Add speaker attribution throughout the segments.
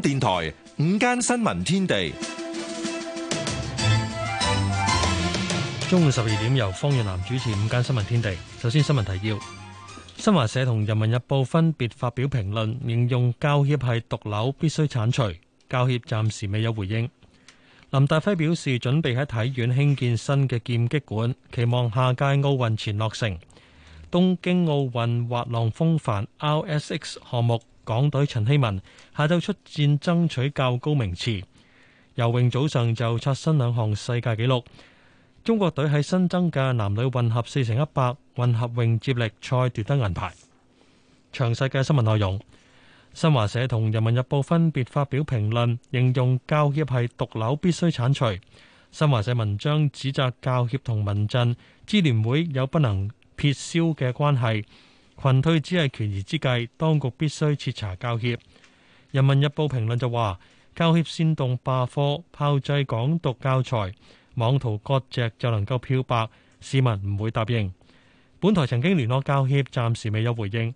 Speaker 1: 電台午間新聞天地，中午十二點由方若南主持《午間新聞天地》。首先新聞提要：新華社同人民日報分別發表評論，形容教協係毒瘤，必須鏟除。教協暫時未有回應。林大輝表示準備喺體院興建新嘅劍擊館，期望下屆奧運前落成。東京奧運滑浪風帆 RSX 項目。港隊陳希文下晝出戰爭取較高名次，游泳早上就刷新兩項世界紀錄。中國隊喺新增嘅男女混合四乘一百混合泳接力賽奪得銀牌。詳細嘅新聞內容，新華社同人民日報分別發表評論，形容教協係毒瘤，必須鏟除。新華社文章指責教協同民陣、支聯會有不能撇消嘅關係。群退只係權宜之計，當局必須徹查教協。《人民日報》評論就話：教協煽動罷課、炮製港獨教材，妄圖割席就能夠漂白，市民唔會答應。本台曾經聯絡教協，暫時未有回應。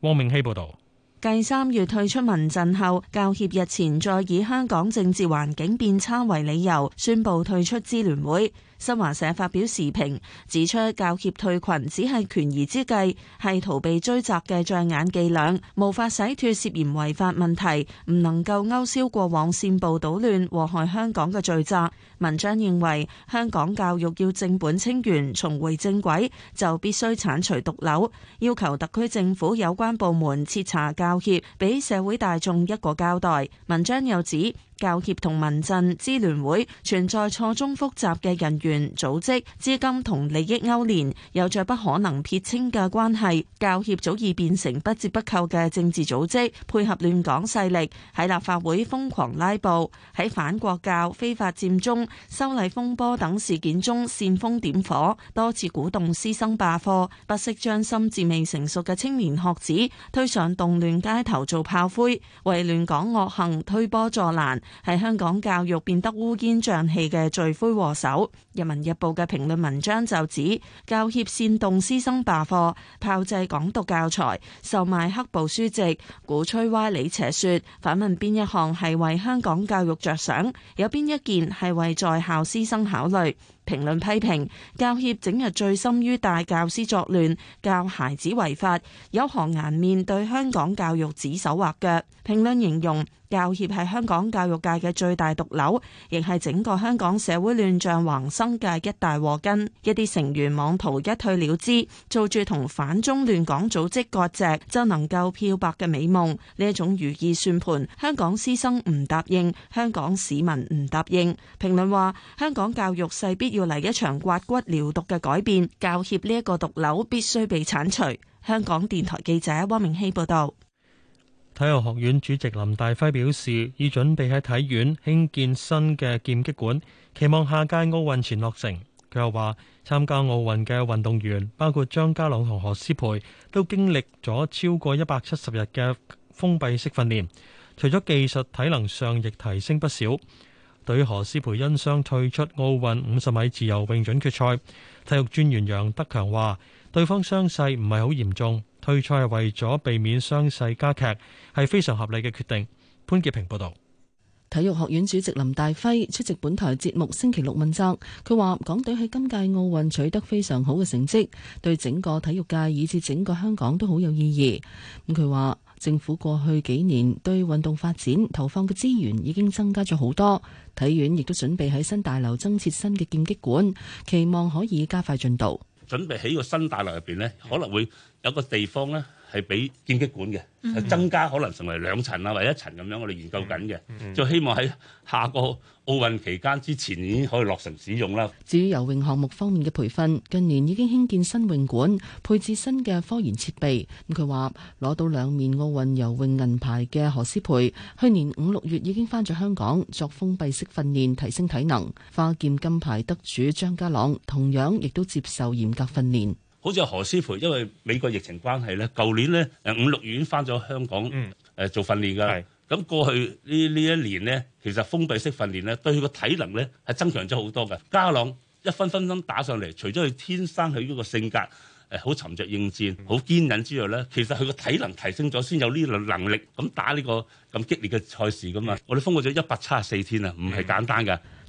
Speaker 1: 汪明熙報導。
Speaker 2: 繼三月退出民陣後，教協日前再以香港政治環境變差為理由，宣布退出支聯會。新華社發表時評指出，教協退群只係權宜之計，係逃避追責嘅障眼伎倆，無法洗脱涉嫌違法問題，唔能夠勾銷過往煽暴搗亂禍害香港嘅罪責。文章認為，香港教育要正本清源、重回正軌，就必須鏟除毒瘤，要求特區政府有關部門徹查教協，俾社會大眾一個交代。文章又指，教協同民陣、支聯會存在錯綜複雜嘅人員組織、資金同利益勾連，有着不可能撇清嘅關係。教協早已變成不折不扣嘅政治組織，配合亂港勢力喺立法會瘋狂拉布，喺反國教、非法佔中、修例風波等事件中煽風點火，多次鼓動師生罷課，不惜將心智未成熟嘅青年學子推上動亂街頭做炮灰，為亂港惡行推波助瀾。係香港教育變得烏煙瘴氣嘅罪魁禍首，《人民日報》嘅評論文章就指教協煽動師生罷課、炮製港獨教材、售賣黑暴書籍、鼓吹歪理邪説。反問邊一項係為香港教育着想？有邊一件係為在校師生考慮？評論批評教協整日醉心於大教師作亂、教孩子違法，有何顏面對香港教育指手畫腳？評論形容。教協係香港教育界嘅最大毒瘤，亦係整個香港社會亂象橫生嘅一大禍根。一啲成員妄圖一退了之，做住同反中亂港組織割席，就能夠漂白嘅美夢，呢一種如意算盤，香港師生唔答應，香港市民唔答應。評論話，香港教育勢必要嚟一場刮骨療毒嘅改變，教協呢一個毒瘤必須被鏟除。香港電台記者汪明熙報道。
Speaker 1: 體育學院主席林大輝表示，已準備喺體院興建新嘅劍擊館，期望下屆奧運前落成。佢又話，參加奧運嘅運動員包括張家朗同何思培，都經歷咗超過一百七十日嘅封閉式訓練，除咗技術體能上亦提升不少。對何思培因傷退出奧運五十米自由泳準決賽，體育專員楊德強話，對方傷勢唔係好嚴重。退賽係為咗避免傷勢加劇，係非常合理嘅決定。潘潔平報道，
Speaker 3: 體育學院主席林大輝出席本台節目星期六問責，佢話：港隊喺今屆奧運取得非常好嘅成績，對整個體育界以至整個香港都好有意義。咁佢話，政府過去幾年對運動發展投放嘅資源已經增加咗好多，體院亦都準備喺新大樓增設新嘅劍擊館，期望可以加快進度。
Speaker 4: 準備喺個新大樓入邊咧，可能會有個地方咧。係俾劍擊館嘅，增加可能成為兩層啊，或者一層咁樣，我哋研究緊嘅，就希望喺下個奧運期間之前已經可以落成使用啦。
Speaker 3: 至於游泳項目方面嘅培訓，近年已經興建新泳館，配置新嘅科研設備。咁佢話攞到兩面奧運游泳銀牌嘅何詩蓓，去年五六月已經翻咗香港作封閉式訓練，提升體能。花劍金牌得主張家朗同樣亦都接受嚴格訓練。
Speaker 4: 好似何詩蓓，因為美國疫情關係咧，舊年咧誒五六月翻咗香港誒做訓練㗎。咁、嗯、過去呢呢一年咧，其實封閉式訓練咧，對佢個體能咧係增強咗好多嘅。家朗一分分分打上嚟，除咗佢天生佢嗰個性格誒好沉着應戰、好堅忍之外咧，其實佢個體能提升咗，先有呢個能力咁打呢個咁激烈嘅賽事㗎嘛。嗯、我哋封過咗一百七十四天啊，唔係簡單㗎。嗯嗯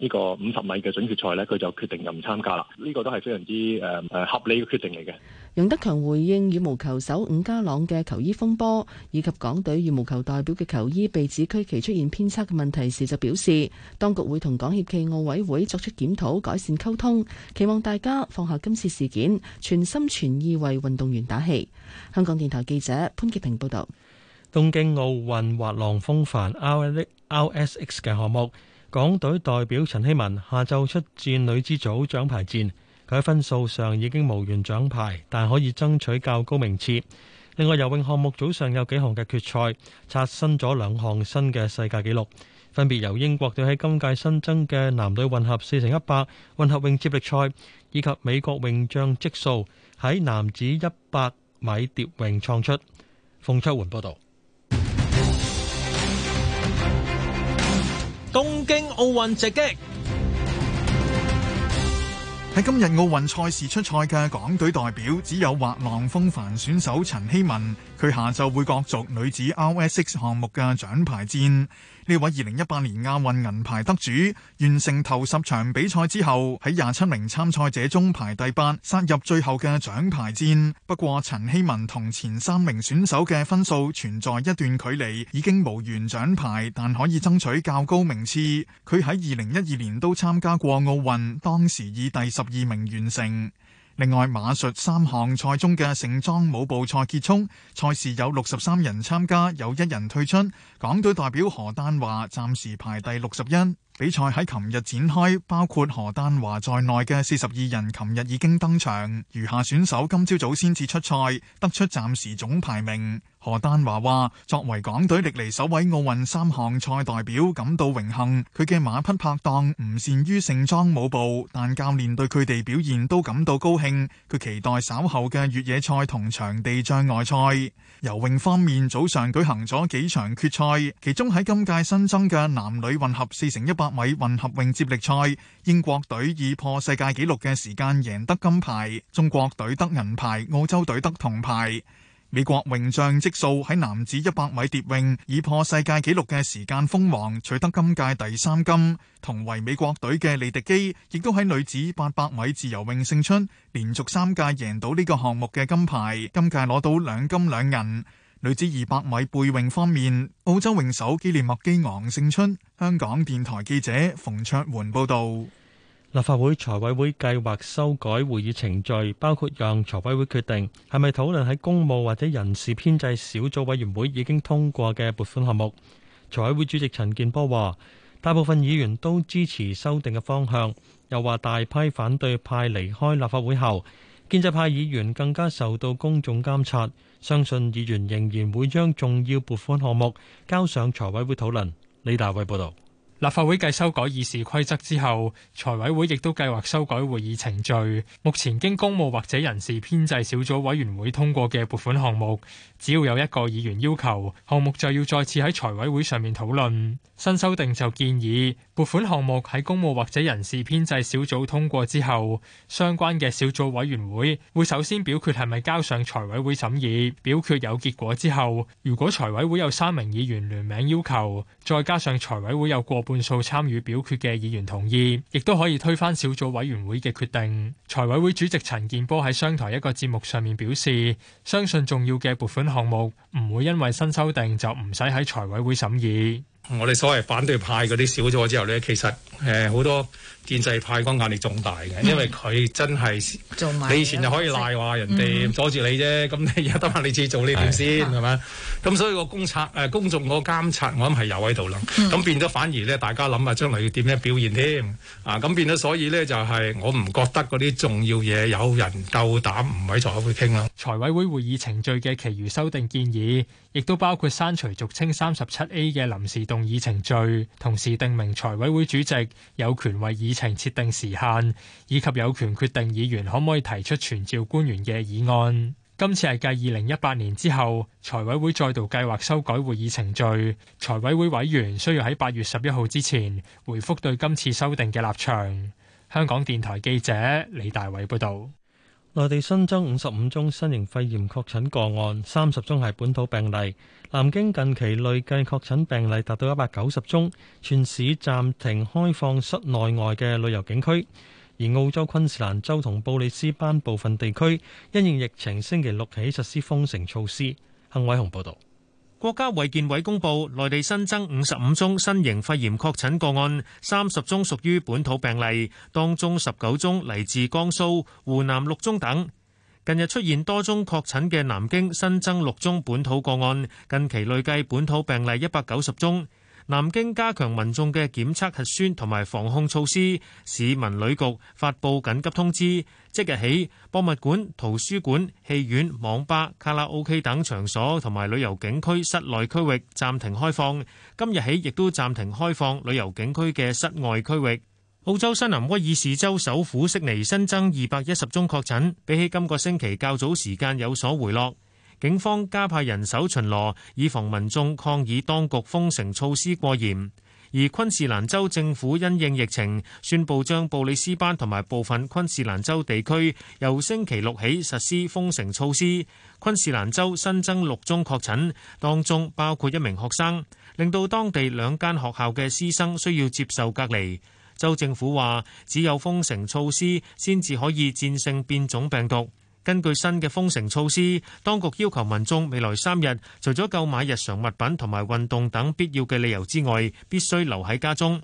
Speaker 5: 呢個五十米嘅準決賽呢，佢就決定又唔參加啦。呢、這個都係非常之誒誒、呃、合理嘅決定嚟嘅。
Speaker 3: 楊德強回應羽毛球手伍家朗嘅球衣風波，以及港隊羽毛球代表嘅球衣被指區旗出現偏差嘅問題時，就表示當局會同港協暨奧委會作出檢討、改善溝通，期望大家放下今次事件，全心全意為運動員打氣。香港電台記者潘潔平報道。
Speaker 1: 東京奧運滑浪風帆 R S X 嘅項目。港隊代表陳希文下晝出戰女子組獎牌戰，佢喺分數上已經無緣獎牌，但可以爭取較高名次。另外，游泳項目早上有幾項嘅決賽，刷新咗兩項新嘅世界紀錄，分別由英國隊喺今屆新增嘅男女混合四乘一百混合泳接力賽，以及美國泳將積數喺男子一百米蝶泳創出。馮秋煥報道。東京奧運直擊，
Speaker 6: 喺今日奧運賽事出賽嘅港隊代表只有滑浪風帆選手陳希文。佢下晝會角逐女子 RSX 項目嘅獎牌戰。呢位二零一八年亞運銀牌得主完成頭十場比賽之後，喺廿七名參賽者中排第八，殺入最後嘅獎牌戰。不過陳希文同前三名選手嘅分數存在一段距離，已經無緣獎牌，但可以爭取較高名次。佢喺二零一二年都參加過奧運，當時以第十二名完成。另外，馬術三項賽中嘅盛裝舞步賽結束，賽事有六十三人參加，有一人退出。港隊代表何丹華暫時排第六十一。比賽喺琴日展開，包括何丹華在內嘅四十二人琴日已經登場，餘下選手今朝早先至出賽，得出暫時總排名。何丹華話：作為港隊歷嚟首位奧運三項賽代表，感到榮幸。佢嘅馬匹拍檔唔善於盛裝舞步，但教練對佢哋表現都感到高興。佢期待稍後嘅越野賽同場地障礙賽。游泳方面，早上舉行咗幾場決賽，其中喺今屆新增嘅男女混合四乘一百米混合泳接力賽，英國隊以破世界紀錄嘅時間贏得金牌，中國隊得銀牌，澳洲隊得銅牌。美國泳將積數喺男子一百米蝶泳以破世界紀錄嘅時間封王，取得今屆第三金。同為美國隊嘅利迪基亦都喺女子八百米自由泳勝出，連續三屆贏到呢個項目嘅金牌，今屆攞到兩金兩銀。女子二百米背泳方面，澳洲泳手基念麥基昂勝出。香港電台記
Speaker 1: 者馮卓媛報道。立法會財委會計劃修改會議程序，包括讓財委會決定係咪討論喺公務或者人事編制小組委員會已經通過嘅撥款項目。財委會主席陳建波話，大部分議員都支持修訂嘅方向，又話大批反對派離開立法會後，建制派議員更加受到公眾監察，相信議員仍然會將重要撥款項目交上財委會討論。李大偉報導。立法會繼
Speaker 5: 修改議事規則之後，財委會亦都計劃修改會議程序。目前經公務或者人事編制小組委員會通過嘅撥款項目，只要有一個議員要求，項目就要再次喺財委會上面討論。新修訂就建議。撥款項目喺公務或者人事編制小組通過之後，相關嘅小組委員會會首先表決係咪交上財委會審議。表決有結果之後，如果財委會有三名議員聯名要求，再加上財委會有過半數參與表決嘅議員同意，亦都可以推翻小組委員會嘅決定。財委會主席陳健波喺商台一個節目上面表示，相信重要嘅撥款項目唔會因為新修訂就唔使喺財委會審議。我哋所謂反對派嗰啲少咗之後呢，其實誒、呃、好多。建制派個壓力仲大嘅，因為佢真係、嗯、你以前就可以賴話人哋阻住你啫，咁你而家得翻你自己做呢點先係咪？咁的所以個公察誒公眾個監察我，我諗係又喺度啦。咁變咗反而咧，大家諗下將來要點樣表現添啊？咁變咗，所以呢，就係我唔覺得嗰啲重要嘢有人夠膽唔喺財委會傾啦。財委會會議程序嘅其餘修訂建議，亦都包括刪除俗稱三十七 A 嘅臨時動議程序，同時定明財委會主席有權為議。程設定時限，以及有權決定議員可唔可以提出傳召官員嘅議案。今次係繼二零一八年之後，財委會再度計劃修改會議程序。財委會委員需要喺八月十一號之前回
Speaker 1: 覆對今次修訂嘅立場。香港電台記者李大偉報道。內地新增五十五宗新型肺炎確診個案，三十宗係本土病例。南京近期累計確診病例達到一百九十宗，全市暫停開放室內外嘅旅遊景區。而澳洲昆士蘭州同布里斯班部分地區因應疫情，星期六起實施封城措施。幸偉雄報道。
Speaker 7: 國家衛健委公布，內地新增五十五宗新型肺炎確診個案，三十宗屬於本土病例，當中十九宗嚟自江蘇，湖南六宗等。近日出現多宗確診嘅南京新增六宗本土個案，近期累計本土病例一百九十宗。南京加強民眾嘅檢測核酸同埋防控措施，市民旅局發佈緊急通知，即日起博物館、圖書館、戲院、網吧、卡拉 OK 等場所同埋旅遊景區室內區域暫停開放。今日起亦都暫停開放旅遊景區嘅室外區域。澳洲新南威爾士州首府悉尼新增二百一十宗確診，比起今個星期較早時間有所回落。警方加派人手巡邏，以防民眾抗議當局封城措施過嚴，而昆士蘭州政府因應疫情，宣布將布里斯班同埋部分昆士蘭州地區由星期六起實施封城措施。昆士蘭州新增六宗確診，當中包括一名學生，令到當地兩間學校嘅師生需要接受隔離，州政府話，只有封城措施先至可以戰勝變種病毒。根據新嘅封城措施，當局要求民眾未來三日，除咗購買日常物品同埋運動等必要嘅理由之外，必須留喺家中。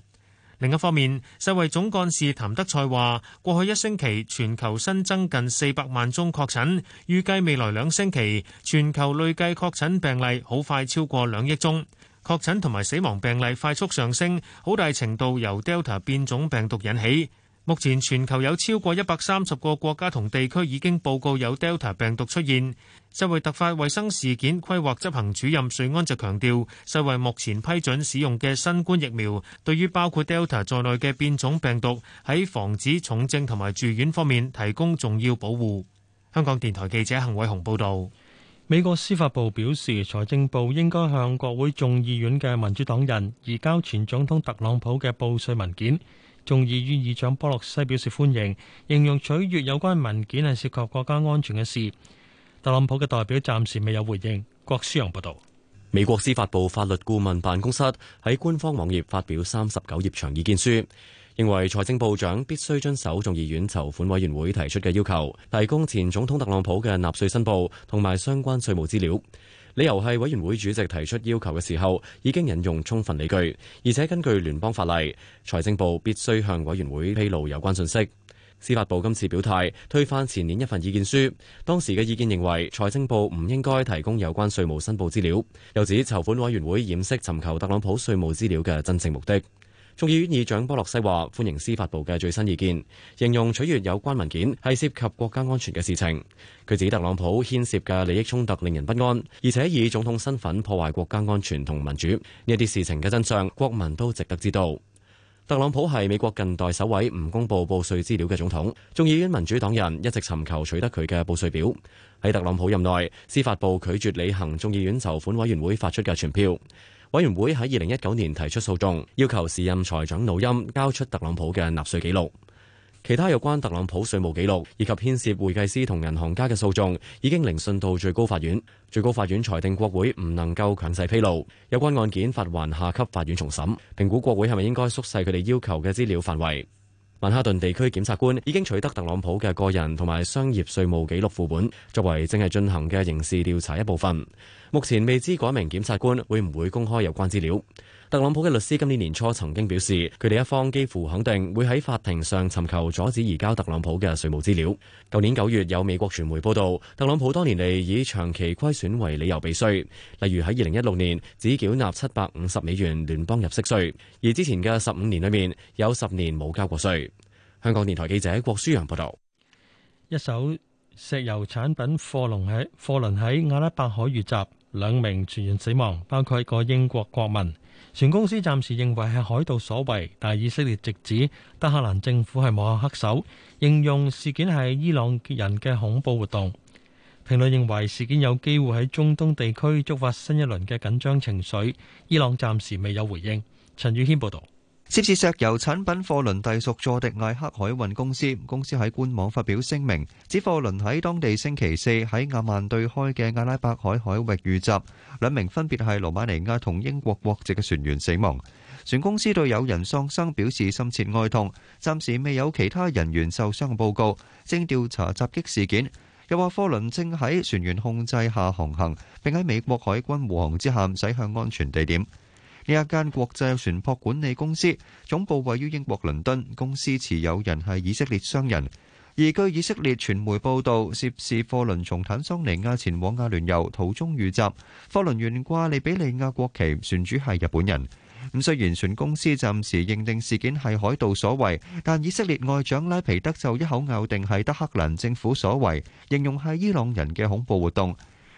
Speaker 7: 另一方面，世衞總幹事譚德塞話：過去一星期全球新增近四百萬宗確診，預計未來兩星期全球累計確診病例好快超過兩億宗，確診同埋死亡病例快速上升，好大程度由 Delta 變種病毒引起。目前全球有超過一百三十個國家同地區已經報告有 Delta 病毒出現。世衞突發衛生事件規劃執行主任瑞安就強調，世衞目前批准使用嘅新冠疫苗，對於包括 Delta 在內嘅變種病毒，喺防止重症同埋住院方面提供重要保
Speaker 1: 護。香港電台記者幸偉雄報導。美國司法部表示，財政部應該向國會眾議院嘅民主黨人移交前總統特朗普嘅報稅文件。眾議院議長波洛西表示歡迎，形容取閱有關文件係涉及國家安全嘅事。特朗普嘅代表暫時未有回應。郭思陽報道，
Speaker 8: 美國司法部法律顧問辦公室喺官方網頁發表三十九頁長意見書，認為財政部長必須遵守眾議院籌款委員會提出嘅要求，提供前總統特朗普嘅納稅申報同埋相關稅務資料。理由係委員會主席提出要求嘅時候已經引用充分理據，而且根據聯邦法例，財政部必須向委員會披露有關信息。司法部今次表態推翻前年一份意見書，當時嘅意見認為財政部唔應該提供有關稅務申報資料，又指籌款委員會掩飾尋求特朗普稅務資料嘅真正目的。眾議院議長波洛西話：歡迎司法部嘅最新意見，形容取閱有關文件係涉及國家安全嘅事情。佢指特朗普牽涉嘅利益衝突令人不安，而且以總統身份破壞國家安全同民主。呢啲事情嘅真相，國民都值得知道。特朗普係美國近代首位唔公布報稅資料嘅總統，眾議院民主黨人一直尋求取得佢嘅報稅表。喺特朗普任內，司法部拒絕履行眾議院籌款委員會發出嘅傳票。委員會喺二零一九年提出訴訟，要求時任財長努欽交出特朗普嘅納稅記錄。其他有關特朗普稅務記錄以及牽涉會計師同銀行家嘅訴訟，已經聆訊到最高法院。最高法院裁定國會唔能夠強制披露有關案件，發還下級法院重審，評估國會係咪應該縮細佢哋要求嘅資料範圍。曼哈頓地區檢察官已經取得特朗普嘅個人同埋商業稅務記錄副本，作為正係進行嘅刑事調查一部分。目前未知嗰名檢察官會唔會公開有關資料。特朗普嘅律師今年年初曾經表示，佢哋一方幾乎肯定會喺法庭上尋求阻止移交特朗普嘅稅務資料。舊年九月，有美國傳媒報道，特朗普多年嚟以長期虧損為理由避稅，例如喺二零一六年只繳納七百五十美元聯邦入息稅，而之前嘅十五年裏面有十年冇交過稅。香港電台記者郭舒陽報道，
Speaker 1: 一艘石油產品貨輪喺貨輪喺阿拉伯海遇襲，兩名船員死亡，包括一個英國國民。船公司暫時認為係海盜所為，但係以色列直指德黑蘭政府係幕後黑手，形容事件係伊朗人嘅恐怖活動，評論認為事件有機會喺中東地區觸發新一輪嘅緊張情緒，伊朗暫時未有回應，陳宇軒報道。
Speaker 9: 涉事石油產品貨輪隸屬佐迪艾克海運公司，公司喺官網發表聲明，指貨輪喺當地星期四喺亞曼對開嘅阿拉伯海海域遇襲，兩名分別係羅馬尼亞同英國國籍嘅船員死亡。船公司對有人喪生表示深切哀痛，暫時未有其他人員受傷嘅報告，正調查襲擊事件。又話貨輪正喺船員控制下航行，並喺美國海軍護航之下駛向安全地點。呢一間國際船舶管理公司總部位於英國倫敦，公司持有人係以色列商人。而據以色列傳媒報道，涉事貨輪從坦桑尼亞前往阿聯酋途中遇襲，貨輪懸掛利比里亞國旗，船主係日本人。咁雖然船公司暫時認定事件係海盜所為，但以色列外長拉皮德就一口咬定係德黑蘭政府所為，形容係伊朗人嘅恐怖活動。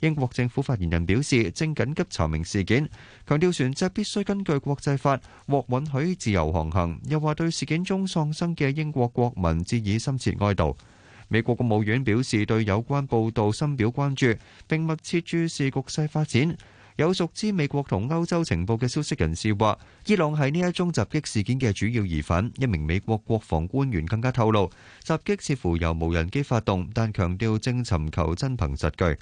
Speaker 9: 英國政府發言人表示，正緊急查明事件，強調船隻必須根據國際法獲允許自由航行。又話對事件中喪生嘅英國國民致以深切哀悼。美國國務院表示對有關報道深表關注，並密切注視局勢發展。有熟知美國同歐洲情報嘅消息人士話，伊朗係呢一宗襲擊事件嘅主要疑犯。一名美國國防官員更加透露，襲擊似乎由無人機發動，但強調正尋求真憑實據。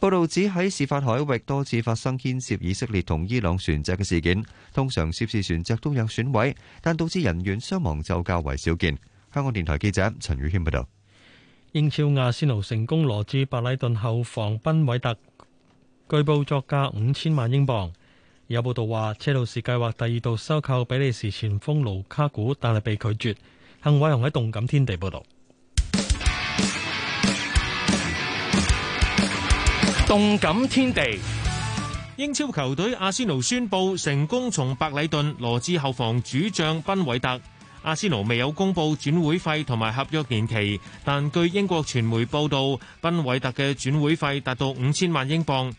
Speaker 9: 報道指喺事發海域多次發生牽涉以色列同伊朗船隻嘅事件，通常涉事船隻都有損毀，但導致人員傷亡就較為少見。香港電台記者陳宇謙報道。
Speaker 1: 英超亞仙奴成功羅致白禮頓後防賓偉特，據報作價五千萬英鎊。有報道話，車路士計劃第二度收購比利時前鋒盧卡古，但係被拒絕。幸偉雄喺動感天地報道。
Speaker 5: 動感天地，
Speaker 7: 英超球隊阿仙奴宣布成功從白里頓羅致後防主將賓偉特。阿仙奴未有公布轉會費同埋合約年期，但據英國傳媒報道，賓偉特嘅轉會費達到五千萬英鎊。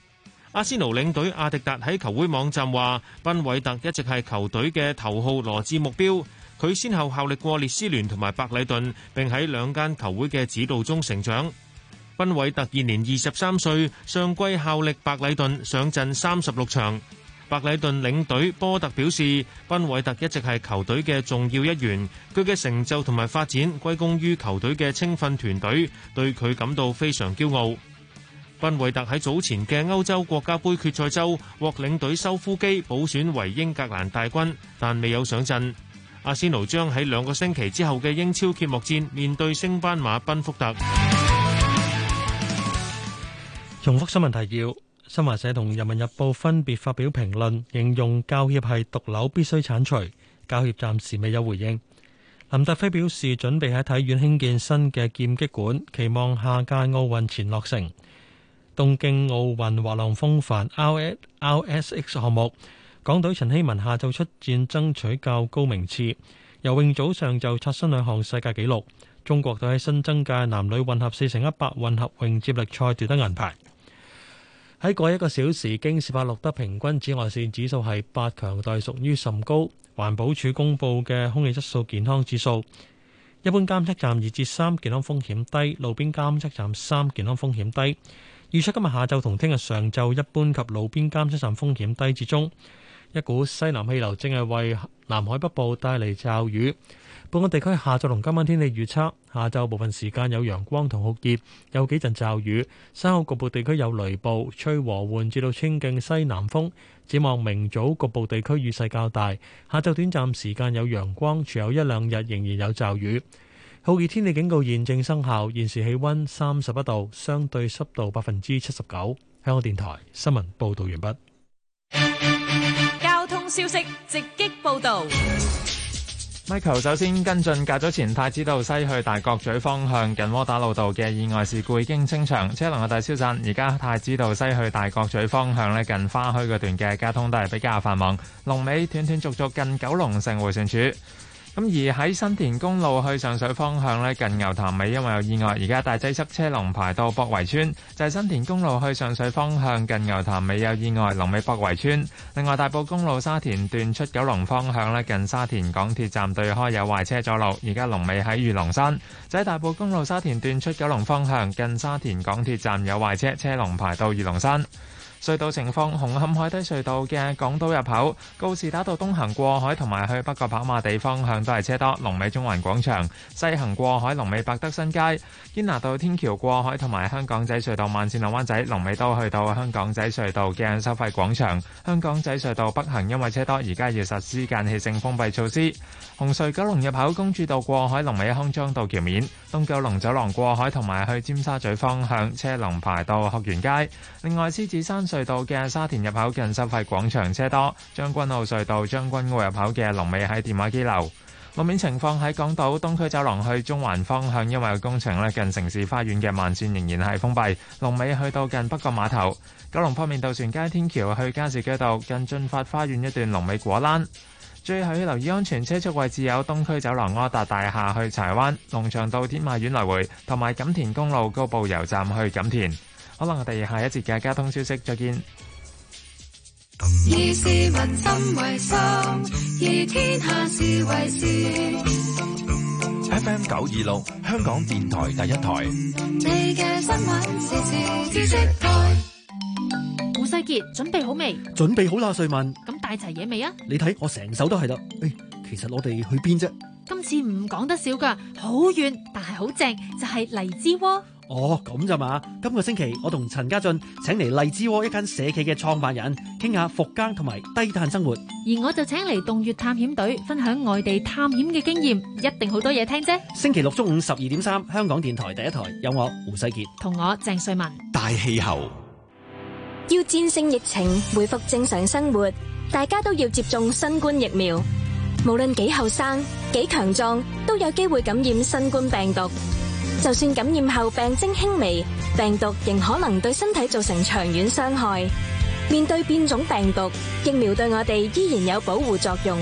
Speaker 7: 阿仙奴領隊阿迪達喺球會網站話：賓偉特一直係球隊嘅頭號羅致目標。佢先後效力過列斯聯同埋白里頓，並喺兩間球會嘅指導中成長。賓偉特現年二十三歲，上季效力白禮頓，上陣三十六場。白禮頓領隊波特表示，賓偉特一直係球隊嘅重要一員，佢嘅成就同埋發展歸功於球隊嘅青訓團隊，對佢感到非常驕傲。賓偉特喺早前嘅歐洲國家杯決賽周獲領隊收夫基補選為英格蘭大軍，但未有上陣。阿仙奴將喺兩個星期之後嘅英超揭幕戰面對升班馬賓福
Speaker 1: 特。重複新聞提要：新華社同人民日報分別發表評論，形容教協係毒瘤，必須鏟除。教協暫時未有回應。林大輝表示，準備喺體院興建新嘅劍擊館，期望下屆奧運前落成。東京奧運滑浪風帆 RSX 項目，港隊陳希文下晝出戰，爭取較高名次。游泳早上就刷新兩項世界紀錄。中國隊喺新增嘅男女混合四乘一百混合泳接力賽奪得銀牌。喺過一個小時，京士柏錄得平均紫外線指數係八，強度屬於甚高。環保署公布嘅空氣質素健康指數，一般監測站二至三健康風險低，路邊監測站三健康風險低。預測今日下晝同聽日上晝，一般及路邊監測站風險低至中。一股西南氣流正係為南海北部帶嚟驟雨。本港地區下晝同今晚天氣預測：下晝部分時間有陽光同酷熱，有幾陣驟雨；稍後局部地區有雷暴，吹和緩至到清勁西南風。展望明早局部地區雨勢較大，下晝短暫時間有陽光，隨後有一兩日仍然有驟雨。酷熱天氣警告現正生效。現時氣溫三十一度，相對濕度百分之七十九。香港電台新聞報道完畢。
Speaker 10: 交通消息直擊報道。
Speaker 4: Michael 首先跟進，隔咗前太子道西去大角咀方向近窩打老道嘅意外事故已經清場，車龍嘅大消散。而家太子道西去大角咀方向咧，近花墟嗰段嘅交通都係比較繁忙，龍尾斷斷續續近九龍城回旋處。咁而喺新田公路去上水方向咧，近牛潭尾，因為有意外，而家大擠塞，車龍排到博圍村。就係、是、新田公路去上水方向，近牛潭尾有意外，龍尾博圍村。另外，大埔公路沙田段出九龍方向咧，近沙田港鐵站對開有壞車阻路，而家龍尾喺御龍山。就喺、是、大埔公路沙田段出九龍方向，近沙田港鐵站有壞車，車龍排到御龍山。隧道情況：紅磡海底隧道嘅港島入口、告士打道東行過海同埋去北角跑馬地方向都係車多；龍尾中環廣場西行過海、龍尾百德新街、堅拿道天橋過海同埋香港仔隧道慢線龍灣仔龍尾都去到香港仔隧道嘅收費廣場。香港仔隧道北行因為車多，而家要實施間歇性封閉措施。紅隧九龍入口、公主道過海龍尾康莊道橋面、東九龍走廊過海同埋去尖沙咀方向車龍排到學園街。另外，獅子山隧道嘅沙田入口近收費廣場車多，將軍澳隧道將軍澳入口嘅龍尾喺電話機樓。路面情況喺港島東區走廊去中環方向，因為工程咧近城市花園嘅慢線仍然係封閉，龍尾去到近北角碼頭九龍方面，渡船街天橋去加士居道近駿發花園一段龍尾果欄。最後要留意安全車速位置，有東區走廊柯達大廈去柴灣、龍翔道天馬苑來回，同埋錦田公路高埗油站去錦田。可能我哋下一節嘅交通消息再見。
Speaker 3: 以市民心為心，以天下
Speaker 11: 事為事。FM 九二六，香港電台第一台。
Speaker 10: 你嘅新聞時事知識台。胡世杰準備好未？
Speaker 11: 準備好啦，瑞文。
Speaker 10: 咁帶齊嘢未啊？
Speaker 11: 你睇，我成手都係啦。誒，其實我哋去邊啫？
Speaker 10: 今次唔講得少噶，好遠，但係好正，就係荔枝窩。
Speaker 11: 哦，咁就嘛。今個星期我同陳家俊請嚟荔枝窩一間社企嘅創辦人，傾下復耕同埋低碳生活。
Speaker 10: 而我就請嚟洞穴探險隊分享外地探險嘅經驗，一定好多嘢聽啫。
Speaker 11: 星期六中午十二點三，3, 香港電台第一
Speaker 10: 台有我胡世杰同我鄭瑞文。大氣候要戰勝疫情，恢復正常生活，大家都要接種新冠疫苗。無論幾後生，幾強壯，都有機會感染新冠病毒。，就算感染後病徵輕微，病毒仍可能對身體造成長遠傷害。面對變種病毒，疫苗對我哋依然有保護作用。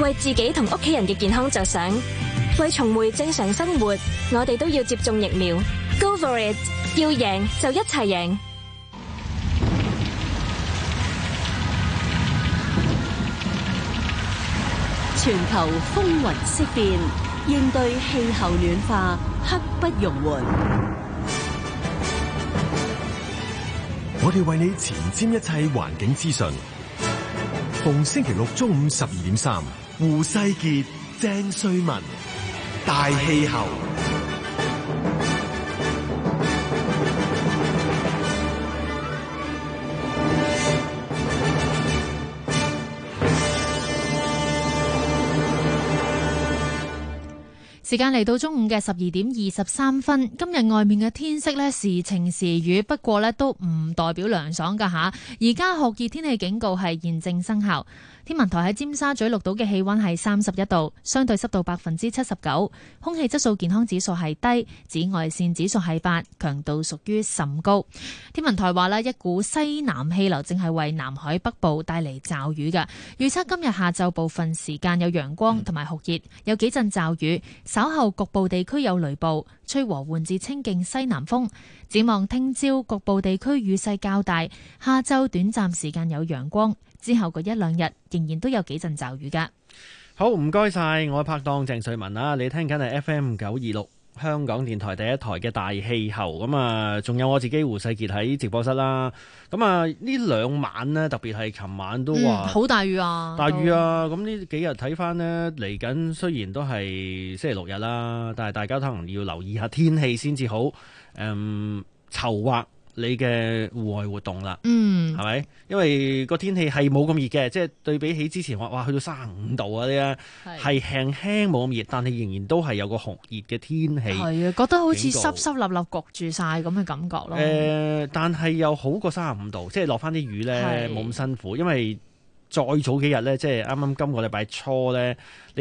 Speaker 10: 為自己同屋企人嘅健康着想，為重回正常生活，我哋都要接種疫苗。Go for it！要贏就一齊贏。全球風雲色變。應對氣候暖化，刻不容緩。
Speaker 6: 我哋為你前瞻一切環境資訊，逢星期六中午十二點三，胡世杰、鄭瑞文，大氣候。
Speaker 10: 時間嚟到中午嘅十二點二十三分，今日外面嘅天色咧時晴時雨，不過咧都唔代表涼爽㗎吓。而家酷熱天氣警告係現正生效。天文台喺尖沙咀錄到嘅氣溫係三十一度，相對濕度百分之七十九，空氣質素健康指數係低，紫外線指數係八，強度屬於甚高。天文台話啦，一股西南氣流正係為南海北部帶嚟驟雨嘅預測，預測今日下晝部分時間有陽光同埋酷熱，有幾陣驟雨，稍後局部地區有雷暴，吹和緩至清勁西南風。展望聽朝局部地區雨勢較大，下晝短暫時間有陽光。之後嗰一兩日仍然都有幾陣驟雨噶。好，唔
Speaker 11: 該晒我嘅拍檔鄭瑞文啊，你聽緊係 F M 九二六香港電台第一台嘅大氣候。咁、嗯、啊，仲有我自己胡世杰喺直播室啦。咁、嗯、啊，呢兩晚呢，特別係琴晚都話，好、嗯、大
Speaker 10: 雨啊，大雨啊。
Speaker 11: 咁呢、嗯、幾日睇翻呢，嚟緊雖然都係星期六日啦，但係大家可能要留意下天氣先至好，嗯，籌劃。你嘅戶外活動啦，嗯，係咪？因為個天氣係冇咁熱嘅，即係對比起之前話哇去到三十五度啊啲啊，係輕輕冇咁熱，但係仍然都係有個紅熱嘅天氣。係
Speaker 10: 啊，覺得好似濕濕立立焗住晒咁嘅感覺咯。誒，
Speaker 11: 但係又好過三十五度，即係落翻啲雨咧冇咁辛苦，因為再早幾日咧，即係啱啱今個禮拜初咧。